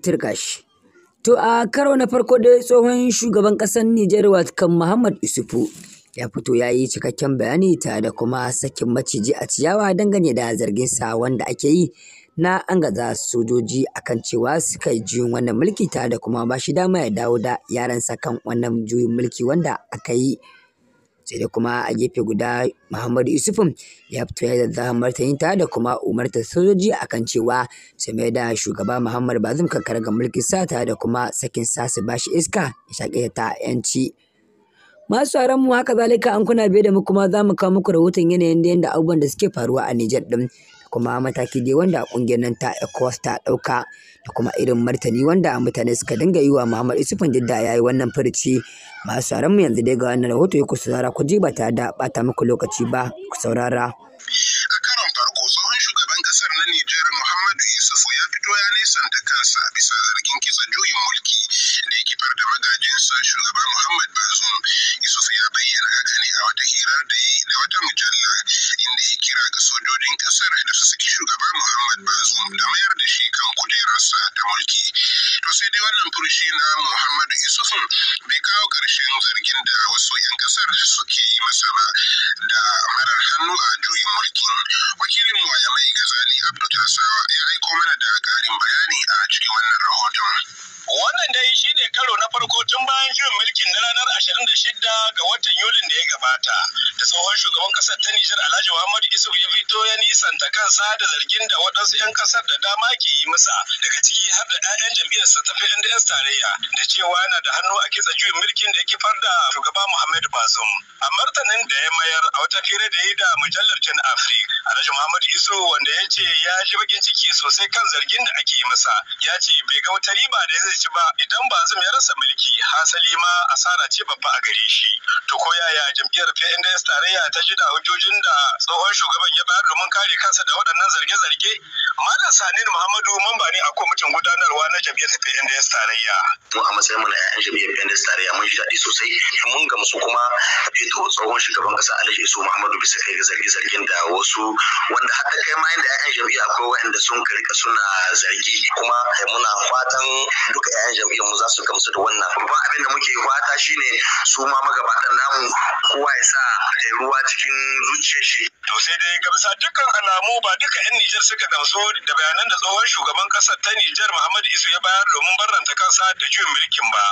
turka To a karo na farko dai tsohon shugaban ƙasar Nijar kan Muhammad Isufu ya fito ya yi cikakken bayani ta da kuma sakin maciji a ciyawa dangane da zargin sa wanda ake yi na an gaza sojoji akan cewa suka yi juyin wannan mulki ta da kuma ba shi dama ya dawo da yaransa kan wannan juyin mulki wanda aka yi. sai da kuma a gefe guda muhammadu yusufun ya fito ya zazzafa martaninta da kuma umartar sojoji akan cewa su mai da shugaba Muhammadu bazum kankara ga mulkin sata da kuma sakin sa su bashi iska ya shaƙe ta 'yanci Masu sauran mu haka zalika an kuna biye da mu kuma za mu kawo muku rahoton yanayin da yanda abubuwan da suke faruwa a Nijar ɗin. kuma mataki dai wanda ƙungiyar nan ta ECOWAS ta ɗauka da kuma irin martani wanda mutane suka dinga yi wa Muhammad Isufin da ya yi wannan furici masu sauran mu yanzu dai ga wannan rahoto ku saurara ku ji ba ta da ɓata muku lokaci ba ku saurara. A karon farko tsohon shugaban ƙasar na Nijar Muhammadu Yusufu ya fito ya da kansa bisa zargin kitsa juyin mulki da ya da magajinsa shugaba Muhammad Bazoum. Yusuf ya bayyana haka ne a wata hirar da ya yi da wata mujalla inda ya kira ga sojojin kasar da su saki shugaba Muhammad Bazoum da mayar da shi kan kujerarsa ta mulki. To sai dai wannan furshi na Muhammadu yusuf bai kawo karshen zargin da wasu 'yan kasar suke yi masa ba da marar hannu a juyin mulkin. Wakilin waya mai Gazali Abdu Tasawa ya aiko mana da ƙarin bayani a cikin wannan rahoton. Wannan bayan juyin mulkin na ranar 26 ga watan Yulin da ya gabata, da tsohon shugaban kasar ta Nijar Alhaji Muhammadu Isuf ya fito ya nisanta kansa da zargin da waɗansu 'yan kasar da dama ke yi masa daga ciki har da 'ya'yan jam'iyyarsa ta PNDS tarayya da cewa yana da hannu a kitsa juyin mulkin da ya kifar da shugaba Muhammadu Bazum. A martanin da ya mayar a wata fira da ya da mujallar Jan Afrik, Alhaji Muhammadu Isuf wanda ya ce ya ji bakin ciki sosai kan zargin da ake yi masa, ya ce bai ga wata riba da zai ci ba idan Bazum ya rasa mulki hasali ma asara ce babba a gare shi to ko yaya jam'iyyar PNDS tarayya ta ji da hujjojin da tsohon shugaban ya bayar domin kare kansa da waɗannan zarge-zarge Malam Sanin Muhammadu mamba ne a kwamitin gudanarwa na jam'iyyar PNDS tarayya mu a matsayin mu na 'ya'yan jam'iyyar PNDS tarayya mun ji daɗi sosai mun gamsu kuma fito tsohon shugaban ƙasa Alhaji Isu Muhammadu bisa kai zarge-zargen da wasu wanda har da kai ma inda 'ya'yan jam'iyya akwai waɗanda sun karka suna zargi kuma muna fatan duka 'ya'yan jam'iyyar mu za su gamsu da wannan kuma abin da muke fata shine su ma magabatan namu kowa ya sa eh, ruwa cikin zuciyar shi to sai dai gamsa dukkan alamu ba duka yan Nijar suka gamsu da bayanan da tsohon shugaban kasar ta Nijar Muhammadu Isu ya bayar domin barranta kansa da juyin mulkin ba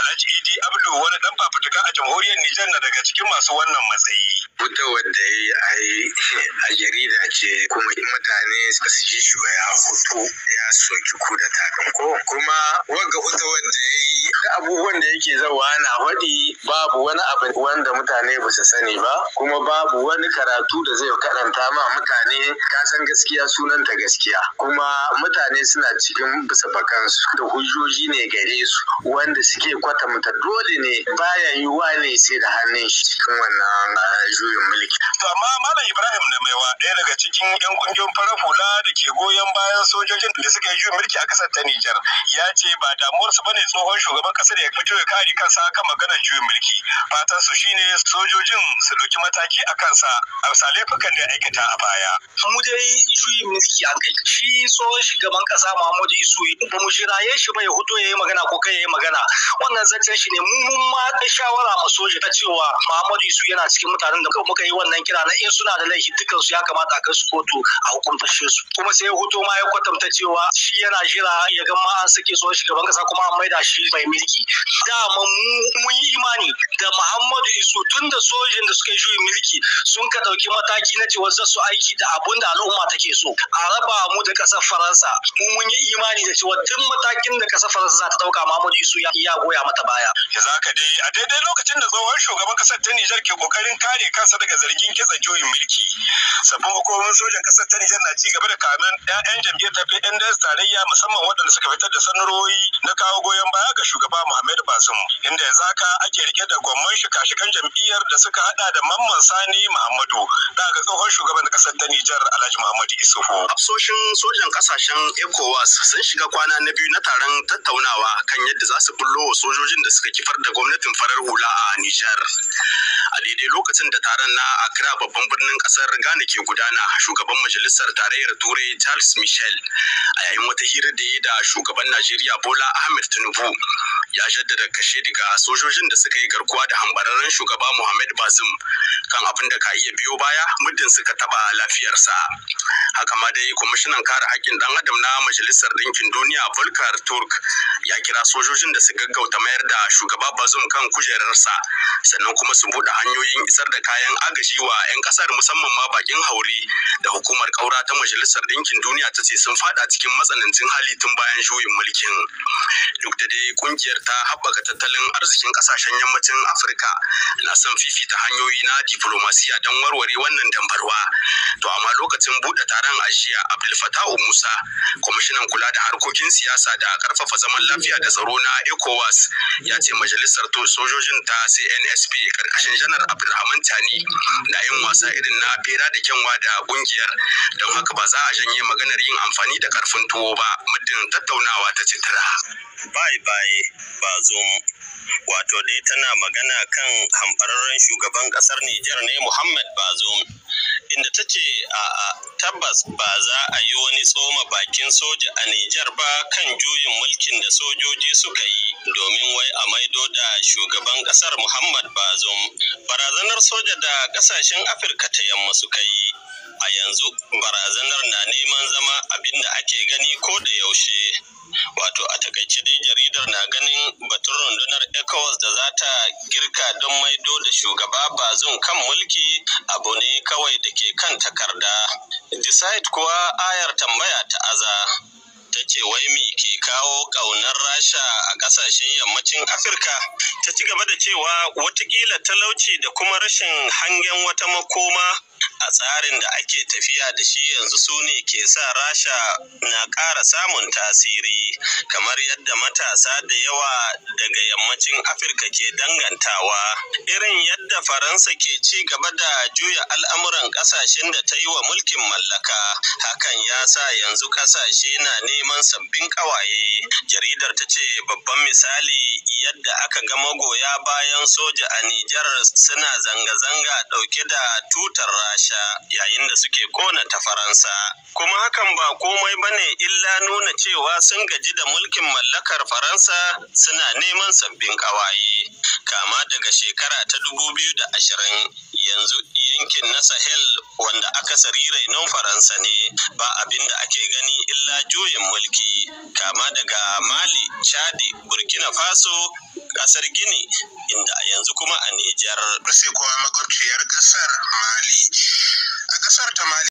Alhaji Idi Abdu wani dan fafutuka a jamhuriyar Nijar na daga cikin masu wannan matsayi Wata da ya yi a jarida ce kuma mutane ba su ji shi ya hutu ya soki ku da takan ko kuma wagga wata ya yi da abubuwan da yake zawa na faɗi babu wani abu wanda mutane ba su sani ba kuma babu wani karatu da zai karanta ma mutane ka san gaskiya sunan ta gaskiya kuma mutane suna cikin bisa bakansu da hujjoji ne gare su wanda suke kwatamta dole ne baya yiwuwa ne sai da hannun shi cikin wannan ah, juyin mulki. To amma Malam Ibrahim da Maiwa ɗaya daga cikin 'yan kungiyoyin farar hula da ke goyon bayan sojojin da suka yi juyin mulki a ƙasar ta Nijar ya ce ba damuwarsu bane tsohon shugaban ƙasar ya fito ya kare kansa kan maganar juyin mulki. Fatan su shine sojojin su ɗauki mataki a kansa a bisa laifukan da ya aikata a baya. Mu dai juyin mulki an kai. Shi tsohon shugaban ƙasa Muhammadu Isu ba mu shiraye shi ba ya fito ya yi magana ko kai ya yi magana. Wannan zancen shi ne mu mun ma shawara a soja ta cewa Muhammadu Isu yana cikin mutanen da muka muka yi wannan kira na in suna da laifi dukkan su ya kamata a kai su kotu a hukunta su kuma sai hoto ma ya kwatanta cewa shi yana jira ya ga ma an sake tsohon shugaban kasa kuma an maida shi mai mulki dama mun yi imani da Muhammadu Isu tun da sojin da suka yi mulki sun ka dauki mataki na cewa za su aiki da abun da al'umma take so a raba mu da kasar Faransa mu mun yi imani da cewa duk matakin da kasar Faransa za ta dauka Muhammadu Isu ya goya mata baya. za zaka dai a daidai lokacin da tsohon shugaban kasar ta Nijar ke kokarin kare kan kansa daga zargin kitsa juyin mulki sabbin hukumomin sojan kasar ta Nijar na ci gaba da kamen 'ya'yan jam'iyyar ta PNDS tarayya musamman waɗanda suka fitar da sanarwoyi na kawo goyon baya ga shugaba Muhammadu Bazum inda yanzu haka ake rike da gwamman shika-shikan jam'iyyar da suka hada da Mamman Sani Muhammadu da ga tsohon shugaban kasar ta Nijar Alhaji Muhammadu Isuhu. Hafsoshin sojan kasashen ECOWAS sun shiga kwana na biyu na taron tattaunawa kan yadda za su bullo sojojin da suka kifar da gwamnatin farar hula a Nijar. A daidai lokacin da taron taron na Accra babban birnin kasar Ghana ke gudana shugaban majalisar tarayyar Turai Charles Michel a yayin wata hira da ya da shugaban Najeriya Bola Ahmed Tinubu ya jaddada kashe daga sojojin da suka yi garkuwa da hambararren shugaba Muhammad Bazoum kan abin da ka iya biyo baya muddin suka taba lafiyarsa haka ma dai kwamishinan kare haƙƙin dan adam na majalisar ɗinkin duniya volker turk ya kira sojojin da su gaggauta mayar da shugaba bazum kan kujerarsa sannan kuma su buɗe hanyoyin isar da kayan agaji wa 'yan ƙasar musamman ma bakin hauri da hukumar ƙaura ta majalisar ɗinkin duniya ta ce sun faɗa cikin matsanancin hali tun bayan juyin mulkin duk da dai kungiyar ta haɓaka tattalin arzikin ƙasashen yammacin afirka na son fifita hanyoyi na diplomasiya don warware wannan dambarwa to amma lokacin buɗe taron a jiya abdul fatau musa kwamishinan kula da harkokin siyasa da karfafa zaman lafiya da tsaro na ecowas ya ce majalisar sojojin ta cnsp karkashin janar abdulrahman tani na yin wasa irin na bera da kyanwa da kungiyar don haka ba za a janye maganar yin amfani da karfin tuwo ba muddin tattaunawa ta citira bye bye zo wato dai tana magana kan hamfararren shugaban kasar Nijar ne Muhammad Bazoum ta ce a tabbas ba za a yi wani tsoma bakin soja a Nijar ba kan juyin mulkin da sojoji suka yi domin wai a maido da shugaban kasar Muhammad Bazoum barazanar soja da kasashen Afirka ta yamma suka yi a yanzu barazanar na neman zama abin da ake gani ko da yaushe wato a takaice dai jaridar na ganin batun rundunar ecowas da za ta girka don maido da shugaba zun kan mulki abu ne kawai da ke kan kan takarda decide kuwa ayar tambaya ta aza ta ce wai me ke kawo ƙaunar rasha a ƙasashen yammacin afirka ta ci gaba da cewa watakila talauci da kuma rashin hangen wata makoma a tsarin da ake tafiya da shi yanzu su ne ke sa rasha na ƙara samun tasiri kamar yadda matasa da yawa daga yammacin afirka ke dangantawa irin yadda faransa ke ci gaba da juya al'amuran ƙasashen da ta yi wa mulkin mallaka hakan ya sa yanzu ƙasashe na neman sabbin ƙawaye jaridar ta ce babban misali yadda aka ga magoya bayan soja a nijar suna zanga-zanga ɗauke da tutar rasha Faransa yayin da suke kona ta Faransa. Kuma hakan ba komai ba ne illa nuna cewa sun gaji da mulkin mallakar Faransa suna neman sabbin kawaye. Kama daga shekara ta dubu biyu da ashirin yanzu yankin na sahel wanda sarirai nan faransa ne ba abin da ake gani illa juyin mulki kama daga mali chadi burkina faso kasar gini inda a yanzu kuma a nijar sai kuma makwabciyar kasar mali a kasar ta mali